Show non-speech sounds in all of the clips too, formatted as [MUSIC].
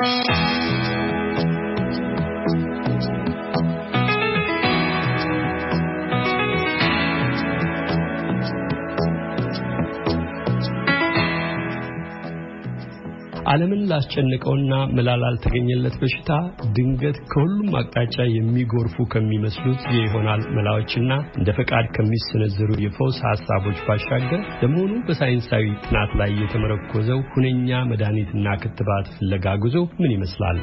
Thank you. ዓለምን ላስጨንቀውና መላ ላልተገኘለት በሽታ ድንገት ከሁሉም አቅጣጫ የሚጎርፉ ከሚመስሉት የይሆናል መላዎችና እንደ ፈቃድ ከሚሰነዘሩ የፈውስ ሀሳቦች ባሻገር ለመሆኑ በሳይንሳዊ ጥናት ላይ የተመረኮዘው ሁነኛ መድኃኒትና ክትባት ፍለጋ ጉዞ ምን ይመስላል?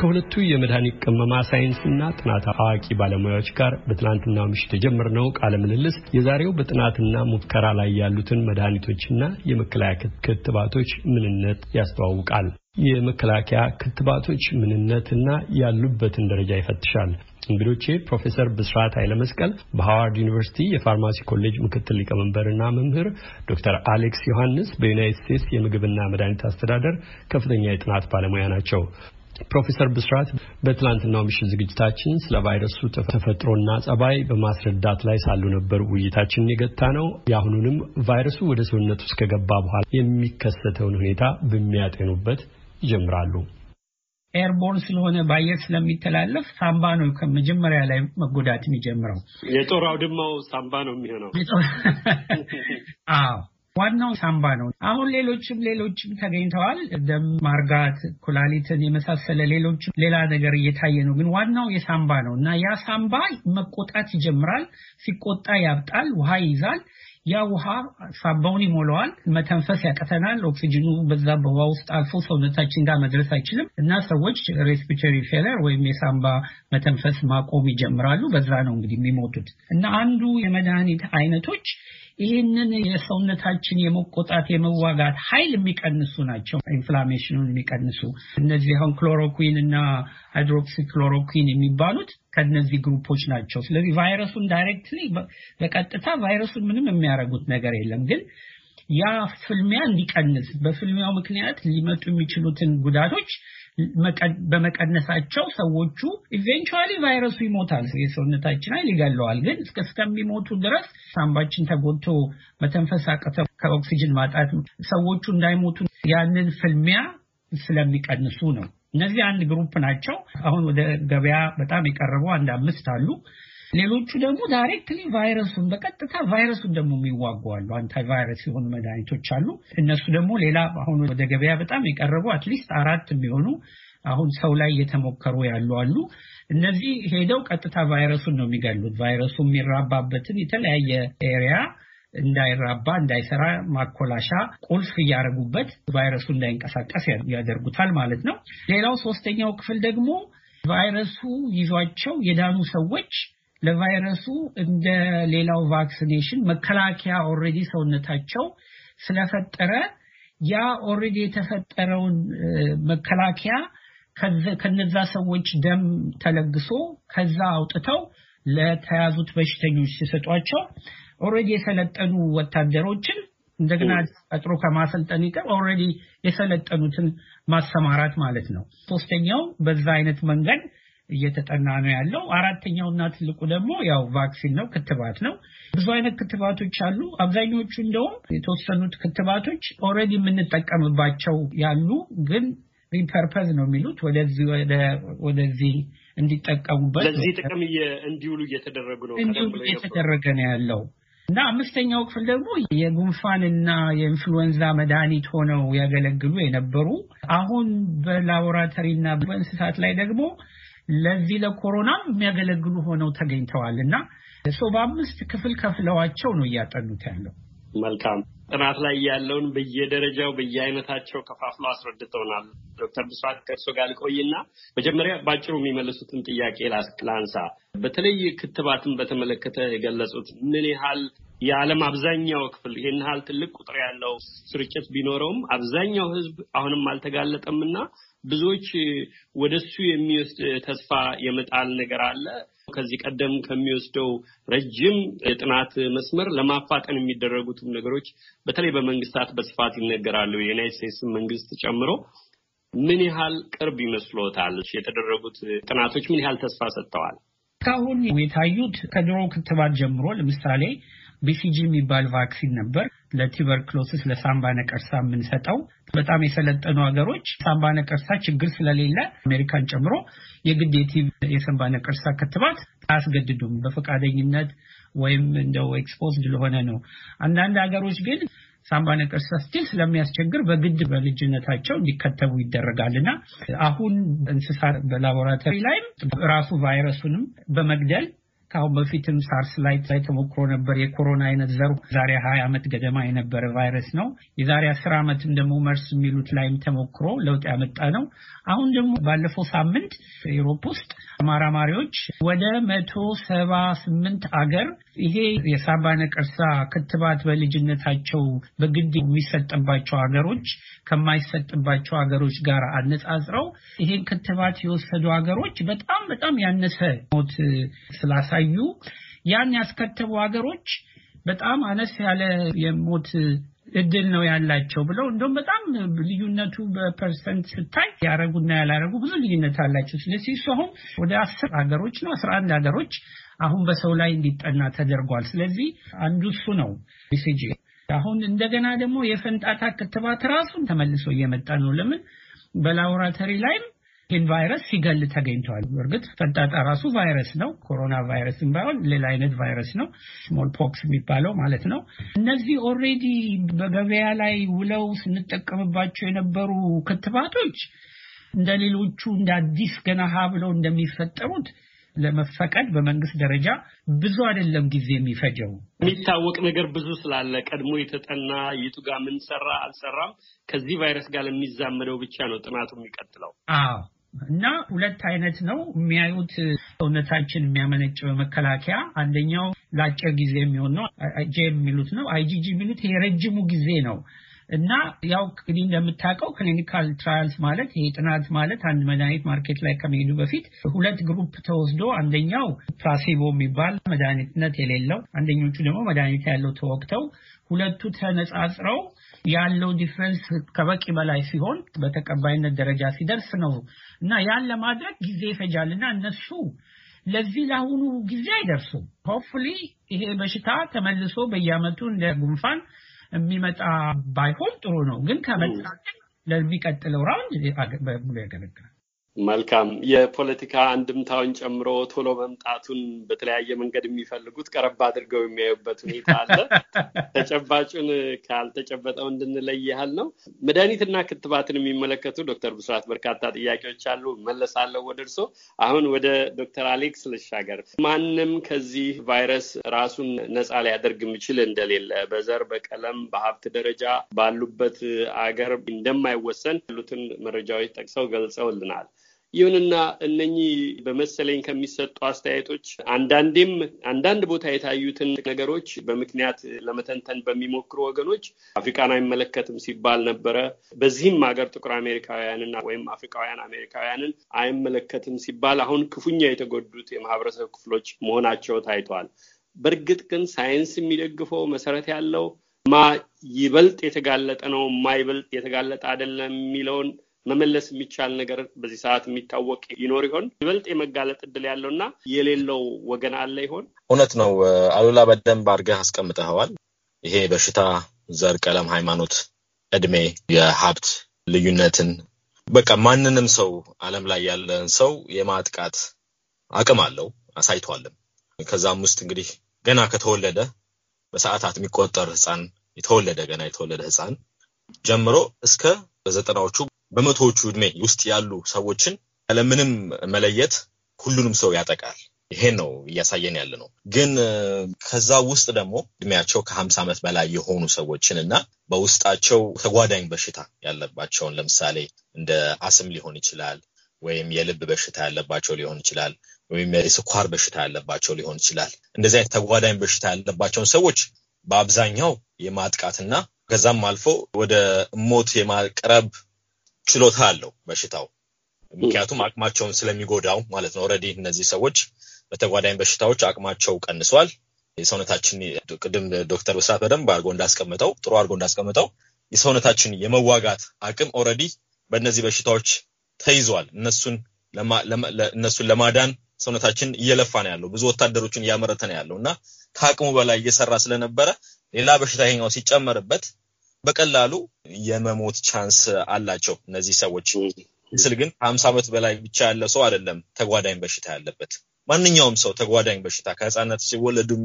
ከሁለቱ የመድኃኒት ቅመማ ሳይንስና ጥናት አዋቂ ባለሙያዎች ጋር በትናንትና ምሽት የጀመርነው ቃለ ምልልስ የዛሬው በጥናትና ሙከራ ላይ ያሉትን መድኃኒቶችና የመከላከያ ክትባቶች ምንነት ያስተዋውቃል። የመከላከያ ክትባቶች ምንነትና ያሉበትን ደረጃ ይፈትሻል። እንግዶቼ ፕሮፌሰር ብስራት ኃይለመስቀል በሃዋርድ ዩኒቨርሲቲ የፋርማሲ ኮሌጅ ምክትል ሊቀመንበርና መምህር፣ ዶክተር አሌክስ ዮሐንስ በዩናይትድ ስቴትስ የምግብና መድኃኒት አስተዳደር ከፍተኛ የጥናት ባለሙያ ናቸው። ፕሮፌሰር ብስራት በትናንትናው ምሽት ዝግጅታችን ስለ ቫይረሱ ተፈጥሮና ጸባይ በማስረዳት ላይ ሳሉ ነበር ውይይታችንን የገታ ነው። የአሁኑንም ቫይረሱ ወደ ሰውነት ውስጥ ከገባ በኋላ የሚከሰተውን ሁኔታ በሚያጤኑበት ይጀምራሉ። ኤርቦርን ስለሆነ በአየር ስለሚተላለፍ ሳምባ ነው ከመጀመሪያ ላይ መጎዳት የሚጀምረው። የጦር አውድማው ሳምባ ነው የሚሆነው። [LAUGHS] አዎ ዋናው ሳምባ ነው። አሁን ሌሎችም ሌሎችም ተገኝተዋል። ደም ማርጋት፣ ኩላሊትን የመሳሰለ ሌሎችም ሌላ ነገር እየታየ ነው። ግን ዋናው የሳምባ ነው እና ያ ሳምባ መቆጣት ይጀምራል። ሲቆጣ ያብጣል፣ ውሃ ይይዛል። ያ ውሃ ሳምባውን ይሞላዋል። መተንፈስ ያቀተናል። ኦክሲጅኑ በዛ በውሃ ውስጥ አልፎ ሰውነታችን ጋር መድረስ አይችልም እና ሰዎች ሬስፒቸሪ ፌለር ወይም የሳምባ መተንፈስ ማቆም ይጀምራሉ። በዛ ነው እንግዲህ የሚሞቱት እና አንዱ የመድኃኒት አይነቶች ይህንን የሰውነታችን የመቆጣት የመዋጋት ኃይል የሚቀንሱ ናቸው። ኢንፍላሜሽኑን የሚቀንሱ እነዚህ አሁን ክሎሮኩዊን እና ሃይድሮክሲ ክሎሮኩዊን የሚባሉት ከነዚህ ግሩፖች ናቸው። ስለዚህ ቫይረሱን ዳይሬክትሊ በቀጥታ ቫይረሱን ምንም የሚያደርጉት ነገር የለም ግን ያ ፍልሚያ እንዲቀንስ በፍልሚያው ምክንያት ሊመጡ የሚችሉትን ጉዳቶች በመቀነሳቸው ሰዎቹ ኢቬንቹዋሊ ቫይረሱ ይሞታል፣ የሰውነታችን ኃይል ይገለዋል። ግን እስከሚሞቱ ድረስ ሳምባችን ተጎድቶ መተንፈስ አቅተው ከኦክሲጅን ማጣት ሰዎቹ እንዳይሞቱ ያንን ፍልሚያ ስለሚቀንሱ ነው። እነዚህ አንድ ግሩፕ ናቸው። አሁን ወደ ገበያ በጣም የቀረቡ አንድ አምስት አሉ። ሌሎቹ ደግሞ ዳይሬክትሊ ቫይረሱን በቀጥታ ቫይረሱን ደግሞ የሚዋጓሉ አንታይቫይረስ ቫይረስ የሆኑ መድኃኒቶች አሉ። እነሱ ደግሞ ሌላ አሁን ወደ ገበያ በጣም የቀረቡ አትሊስት አራት የሚሆኑ አሁን ሰው ላይ እየተሞከሩ ያሉ አሉ። እነዚህ ሄደው ቀጥታ ቫይረሱን ነው የሚገሉት። ቫይረሱ የሚራባበትን የተለያየ ኤሪያ እንዳይራባ እንዳይሰራ ማኮላሻ ቁልፍ እያደረጉበት ቫይረሱ እንዳይንቀሳቀስ ያደርጉታል ማለት ነው። ሌላው ሶስተኛው ክፍል ደግሞ ቫይረሱ ይዟቸው የዳኑ ሰዎች ለቫይረሱ እንደ ሌላው ቫክሲኔሽን መከላከያ ኦሬዲ ሰውነታቸው ስለፈጠረ ያ ኦሬዲ የተፈጠረውን መከላከያ ከነዛ ሰዎች ደም ተለግሶ ከዛ አውጥተው ለተያዙት በሽተኞች ሲሰጧቸው ኦሬዲ የሰለጠኑ ወታደሮችን እንደገና ቀጥሮ ከማሰልጠን ይቀር ኦሬዲ የሰለጠኑትን ማሰማራት ማለት ነው። ሶስተኛው በዛ አይነት መንገድ እየተጠና ነው ያለው። አራተኛውና ትልቁ ደግሞ ያው ቫክሲን ነው፣ ክትባት ነው። ብዙ አይነት ክትባቶች አሉ። አብዛኞቹ እንደውም የተወሰኑት ክትባቶች ኦልሬዲ የምንጠቀምባቸው ያሉ ግን ሪፐርፐዝ ነው የሚሉት ወደዚህ ወደዚህ እንዲጠቀሙበት ለዚህ ጥቅም እንዲውሉ እየተደረጉ ነው እንዲውሉ እየተደረገ ነው ያለው እና አምስተኛው ክፍል ደግሞ የጉንፋንና የኢንፍሉዌንዛ መድኃኒት ሆነው ያገለግሉ የነበሩ አሁን በላቦራተሪና በእንስሳት ላይ ደግሞ ለዚህ ለኮሮናም የሚያገለግሉ ሆነው ተገኝተዋል እና ሰው በአምስት ክፍል ከፍለዋቸው ነው እያጠኑት ያለው። መልካም ጥናት ላይ ያለውን በየደረጃው በየአይነታቸው ከፋፍሎ አስረድተውናል። ዶክተር ብስራት ከእርሶ ጋር ልቆይና መጀመሪያ በአጭሩ የሚመልሱትን ጥያቄ ላንሳ። በተለይ ክትባትን በተመለከተ የገለጹት ምን ያህል የዓለም አብዛኛው ክፍል ይህን ያህል ትልቅ ቁጥር ያለው ስርጭት ቢኖረውም አብዛኛው ህዝብ አሁንም አልተጋለጠም እና ብዙዎች ወደሱ የሚወስድ ተስፋ የመጣል ነገር አለ። ከዚህ ቀደም ከሚወስደው ረጅም የጥናት መስመር ለማፋጠን የሚደረጉትም ነገሮች በተለይ በመንግስታት በስፋት ይነገራሉ። የዩናይት ስቴትስን መንግስት ጨምሮ ምን ያህል ቅርብ ይመስሎታል? የተደረጉት ጥናቶች ምን ያህል ተስፋ ሰጥተዋል? እስካሁን የታዩት ከድሮ ክትባት ጀምሮ ለምሳሌ ቢሲጂ የሚባል ቫክሲን ነበር ለቱበርክሎሲስ ለሳምባ ነቀርሳ የምንሰጠው። በጣም የሰለጠኑ ሀገሮች ሳምባ ነቀርሳ ችግር ስለሌለ አሜሪካን ጨምሮ የግድ የሳምባ ነቀርሳ ክትባት አያስገድዱም። በፈቃደኝነት ወይም እንደው ኤክስፖዝድ ለሆነ ነው። አንዳንድ ሀገሮች ግን ሳምባ ነቀርሳ ስቲል ስለሚያስቸግር በግድ በልጅነታቸው እንዲከተቡ ይደረጋል እና አሁን እንስሳ በላቦራቶሪ ላይም ራሱ ቫይረሱንም በመግደል ከአሁን በፊትም ሳርስ ላይ ተሞክሮ ነበር። የኮሮና አይነት ዘሩ ዛሬ ሀያ ዓመት ገደማ የነበረ ቫይረስ ነው። የዛሬ አስር ዓመትም ደግሞ መርስ የሚሉት ላይም ተሞክሮ ለውጥ ያመጣ ነው። አሁን ደግሞ ባለፈው ሳምንት ዩሮፕ ውስጥ ተመራማሪዎች ወደ መቶ ሰባ ስምንት አገር ይሄ የሳምባ ነቀርሳ ክትባት በልጅነታቸው በግድ የሚሰጥባቸው ሀገሮች ከማይሰጥባቸው ሀገሮች ጋር አነጻጽረው ይሄን ክትባት የወሰዱ ሀገሮች በጣም በጣም ያነሰ ሞት ስላሳ ሲታዩ ያን ያስከተቡ ሀገሮች በጣም አነስ ያለ የሞት እድል ነው ያላቸው ብለው እንደውም በጣም ልዩነቱ በፐርሰንት ስታይ ያረጉና ያላረጉ ብዙ ልዩነት አላቸው። ስለዚህ እሱ አሁን ወደ አስር ሀገሮች ነው አስራ አንድ ሀገሮች አሁን በሰው ላይ እንዲጠና ተደርጓል። ስለዚህ አንዱ እሱ ነው ሲጂ አሁን እንደገና ደግሞ የፈንጣጣ ክትባት ራሱን ተመልሶ እየመጣ ነው። ለምን በላቦራተሪ ላይም ይህን ቫይረስ ሲገል ተገኝተዋል። እርግጥ ፈንጣጣ ራሱ ቫይረስ ነው። ኮሮና ቫይረስም ባይሆን ሌላ አይነት ቫይረስ ነው፣ ስሞል ፖክስ የሚባለው ማለት ነው። እነዚህ ኦልሬዲ በገበያ ላይ ውለው ስንጠቀምባቸው የነበሩ ክትባቶች እንደ ሌሎቹ እንደ አዲስ ገና ሀ ብለው እንደሚፈጠሩት ለመፈቀድ በመንግስት ደረጃ ብዙ አይደለም ጊዜ የሚፈጀው። የሚታወቅ ነገር ብዙ ስላለ ቀድሞ የተጠና የቱ ጋር ምን ሰራ አልሰራም ከዚህ ቫይረስ ጋር ለሚዛመደው ብቻ ነው ጥናቱ የሚቀጥለው። አዎ እና ሁለት አይነት ነው የሚያዩት ሰውነታችን የሚያመነጭ በመከላከያ አንደኛው ለአጭር ጊዜ የሚሆን ነው ጄ የሚሉት ነው አይጂጂ የሚሉት ይሄ ረጅሙ ጊዜ ነው እና ያው እንግዲህ እንደምታውቀው ክሊኒካል ትራያልስ ማለት ይሄ ጥናት ማለት አንድ መድኃኒት ማርኬት ላይ ከመሄዱ በፊት ሁለት ግሩፕ ተወስዶ አንደኛው ፕላሲቦ የሚባል መድኃኒትነት የሌለው አንደኞቹ ደግሞ መድኃኒት ያለው ተወቅተው ሁለቱ ተነጻጽረው ያለው ዲፍረንስ ከበቂ በላይ ሲሆን በተቀባይነት ደረጃ ሲደርስ ነው እና ያን ለማድረግ ጊዜ ይፈጃል እና እነሱ ለዚህ ለአሁኑ ጊዜ አይደርሱም። ሆፕፉሊ ይሄ በሽታ ተመልሶ በየአመቱ እንደ ጉንፋን የሚመጣ ባይሆን ጥሩ ነው፣ ግን ከመጣ ለሚቀጥለው ራውንድ በሙሉ ያገለግላል። መልካም የፖለቲካ አንድምታውን ጨምሮ ቶሎ መምጣቱን በተለያየ መንገድ የሚፈልጉት ቀረብ አድርገው የሚያዩበት ሁኔታ አለ። [LAUGHS] ተጨባጩን ካልተጨበጠው እንድንለይ ያህል ነው። መድኃኒትና ክትባትን የሚመለከቱ ዶክተር ብስራት በርካታ ጥያቄዎች አሉ፣ መለሳለሁ ወደ እርሶ። አሁን ወደ ዶክተር አሌክስ ልሻገር። ማንም ከዚህ ቫይረስ ራሱን ነፃ ሊያደርግ የሚችል እንደሌለ በዘር በቀለም በሀብት ደረጃ ባሉበት አገር እንደማይወሰን ያሉትን መረጃዎች ጠቅሰው ገልጸውልናል። ይሁንና እነኚህ በመሰለኝ ከሚሰጡ አስተያየቶች አንዳንዴም አንዳንድ ቦታ የታዩትን ነገሮች በምክንያት ለመተንተን በሚሞክሩ ወገኖች አፍሪካን አይመለከትም ሲባል ነበረ። በዚህም ሀገር ጥቁር አሜሪካውያንና ወይም አፍሪካውያን አሜሪካውያንን አይመለከትም ሲባል አሁን ክፉኛ የተጎዱት የማህበረሰብ ክፍሎች መሆናቸው ታይተዋል። በእርግጥ ግን ሳይንስ የሚደግፈው መሰረት ያለው ማ ይበልጥ የተጋለጠ ነው፣ ማ ይበልጥ የተጋለጠ አይደለም የሚለውን መመለስ የሚቻል ነገር በዚህ ሰዓት የሚታወቅ ይኖር ይሆን? ይበልጥ የመጋለጥ እድል ያለውና የሌለው ወገን አለ ይሆን? እውነት ነው አሉላ፣ በደንብ አድርገህ አስቀምጠኸዋል። ይሄ በሽታ ዘር፣ ቀለም፣ ሃይማኖት፣ እድሜ፣ የሀብት ልዩነትን በቃ ማንንም ሰው ዓለም ላይ ያለን ሰው የማጥቃት አቅም አለው አሳይቷልም። ከዛም ውስጥ እንግዲህ ገና ከተወለደ በሰዓታት የሚቆጠር ህፃን የተወለደ ገና የተወለደ ህፃን ጀምሮ እስከ በዘጠናዎቹ በመቶዎቹ እድሜ ውስጥ ያሉ ሰዎችን ያለምንም መለየት ሁሉንም ሰው ያጠቃል። ይሄን ነው እያሳየን ያለ ነው። ግን ከዛ ውስጥ ደግሞ እድሜያቸው ከሀምሳ ዓመት በላይ የሆኑ ሰዎችን እና በውስጣቸው ተጓዳኝ በሽታ ያለባቸውን ለምሳሌ እንደ አስም ሊሆን ይችላል ወይም የልብ በሽታ ያለባቸው ሊሆን ይችላል ወይም የስኳር በሽታ ያለባቸው ሊሆን ይችላል። እንደዚህ አይነት ተጓዳኝ በሽታ ያለባቸውን ሰዎች በአብዛኛው የማጥቃትና ከዛም አልፎ ወደ ሞት የማቅረብ ችሎታ አለው በሽታው ምክንያቱም አቅማቸውን ስለሚጎዳው ማለት ነው። ረዲ እነዚህ ሰዎች በተጓዳኝ በሽታዎች አቅማቸው ቀንሷል። የሰውነታችን ቅድም ዶክተር ብስራት በደንብ አድርጎ እንዳስቀምጠው ጥሩ አድርጎ እንዳስቀምጠው የሰውነታችን የመዋጋት አቅም ኦልሬዲ በእነዚህ በሽታዎች ተይዟል። እነሱን እነሱን ለማዳን ሰውነታችን እየለፋ ነው ያለው ብዙ ወታደሮችን እያመረተ ነው ያለው እና ከአቅሙ በላይ እየሰራ ስለነበረ ሌላ በሽታ ይሄኛው ሲጨመርበት በቀላሉ የመሞት ቻንስ አላቸው እነዚህ ሰዎች ስል ግን ከሀምሳ ዓመት በላይ ብቻ ያለው ሰው አይደለም ተጓዳኝ በሽታ ያለበት ማንኛውም ሰው ተጓዳኝ በሽታ ከህፃነት ሲወለዱም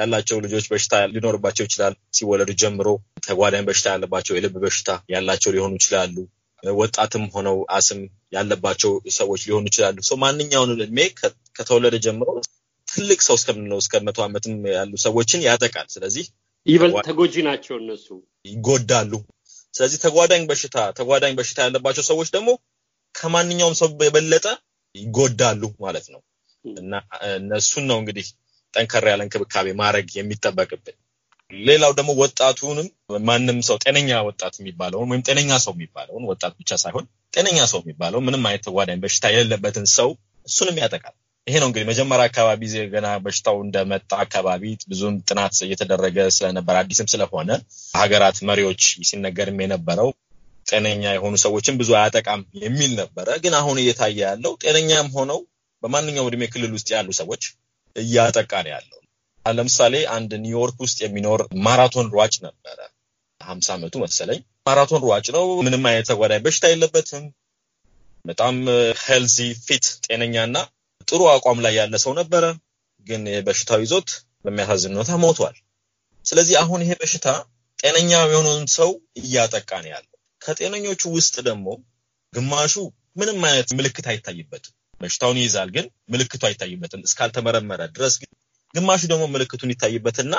ያላቸው ልጆች በሽታ ሊኖርባቸው ይችላል። ሲወለዱ ጀምሮ ተጓዳኝ በሽታ ያለባቸው የልብ በሽታ ያላቸው ሊሆኑ ይችላሉ። ወጣትም ሆነው አስም ያለባቸው ሰዎች ሊሆኑ ይችላሉ። ሰው ማንኛውን እድሜ ከተወለደ ጀምሮ ትልቅ ሰው እስከምንለው እስከ መቶ ዓመትም ያሉ ሰዎችን ያጠቃል። ስለዚህ ይበልጥ ተጎጂ ናቸው እነሱ ይጎዳሉ። ስለዚህ ተጓዳኝ በሽታ ተጓዳኝ በሽታ ያለባቸው ሰዎች ደግሞ ከማንኛውም ሰው የበለጠ ይጎዳሉ ማለት ነው እና እነሱን ነው እንግዲህ ጠንከር ያለ እንክብካቤ ማድረግ የሚጠበቅብን። ሌላው ደግሞ ወጣቱንም ማንም ሰው ጤነኛ ወጣት የሚባለውን ወይም ጤነኛ ሰው የሚባለውን ወጣት ብቻ ሳይሆን ጤነኛ ሰው የሚባለው ምንም አይነት ተጓዳኝ በሽታ የሌለበትን ሰው እሱንም ያጠቃል። ይሄ ነው እንግዲህ መጀመሪያ አካባቢ ገና በሽታው እንደመጣ አካባቢ ብዙም ጥናት እየተደረገ ስለነበር አዲስም ስለሆነ ሀገራት መሪዎች ሲነገርም የነበረው ጤነኛ የሆኑ ሰዎችን ብዙ አያጠቃም የሚል ነበረ። ግን አሁን እየታየ ያለው ጤነኛም ሆነው በማንኛውም እድሜ ክልል ውስጥ ያሉ ሰዎች እያጠቃ ነው ያለው። ለምሳሌ አንድ ኒውዮርክ ውስጥ የሚኖር ማራቶን ሯጭ ነበረ። ሀምሳ ዓመቱ መሰለኝ። ማራቶን ሯጭ ነው። ምንም አይነት ተጓዳኝ በሽታ የለበትም። በጣም ሄልዚ ፊት ጤነኛና ጥሩ አቋም ላይ ያለ ሰው ነበረ፣ ግን በሽታው ይዞት በሚያሳዝን ሁኔታ ሞቷል። ስለዚህ አሁን ይሄ በሽታ ጤነኛ የሆነውን ሰው እያጠቃ ነው ያለው። ከጤነኞቹ ውስጥ ደግሞ ግማሹ ምንም አይነት ምልክት አይታይበትም። በሽታውን ይይዛል፣ ግን ምልክቱ አይታይበትም እስካልተመረመረ ድረስ። ግማሹ ደግሞ ምልክቱን ይታይበትና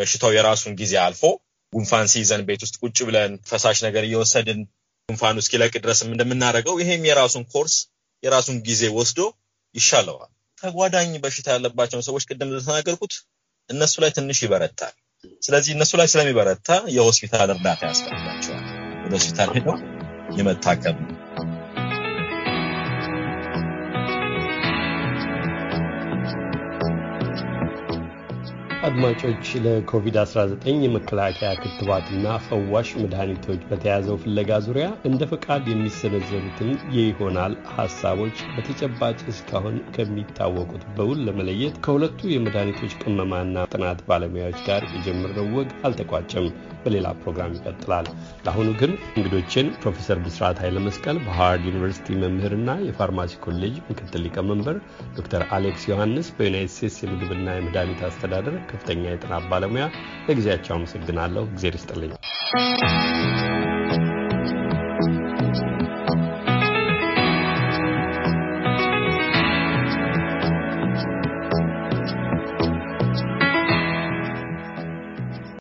በሽታው የራሱን ጊዜ አልፎ ጉንፋን ሲይዘን ቤት ውስጥ ቁጭ ብለን ፈሳሽ ነገር እየወሰድን ጉንፋኑ እስኪለቅ ድረስም እንደምናደርገው ይሄም የራሱን ኮርስ የራሱን ጊዜ ወስዶ ይሻለዋል። ተጓዳኝ በሽታ ያለባቸውን ሰዎች ቅድም እንደተናገርኩት እነሱ ላይ ትንሽ ይበረታል። ስለዚህ እነሱ ላይ ስለሚበረታ የሆስፒታል እርዳታ ያስፈልጋቸዋል። ወደ ሆስፒታል ሄደው የመታከም ነው። አድማጮች ለኮቪድ-19 የመከላከያ ክትባትና ፈዋሽ መድኃኒቶች በተያዘው ፍለጋ ዙሪያ እንደ ፈቃድ የሚሰነዘሩትን የይሆናል ሀሳቦች በተጨባጭ እስካሁን ከሚታወቁት በውል ለመለየት ከሁለቱ የመድኃኒቶች ቅመማና ጥናት ባለሙያዎች ጋር የጀመርነው ወግ አልተቋጨም። በሌላ ፕሮግራም ይቀጥላል። ለአሁኑ ግን እንግዶችን ፕሮፌሰር ብስራት ኃይለመስቀል በሃዋርድ ዩኒቨርሲቲ መምህርና የፋርማሲ ኮሌጅ ምክትል ሊቀመንበር ዶክተር አሌክስ ዮሐንስ በዩናይት ስቴትስ የምግብና የመድኃኒት አስተዳደር ከፍተኛ የጥናት ባለሙያ ለጊዜያቸው አመሰግናለሁ። እግዜር ይስጥልኝ።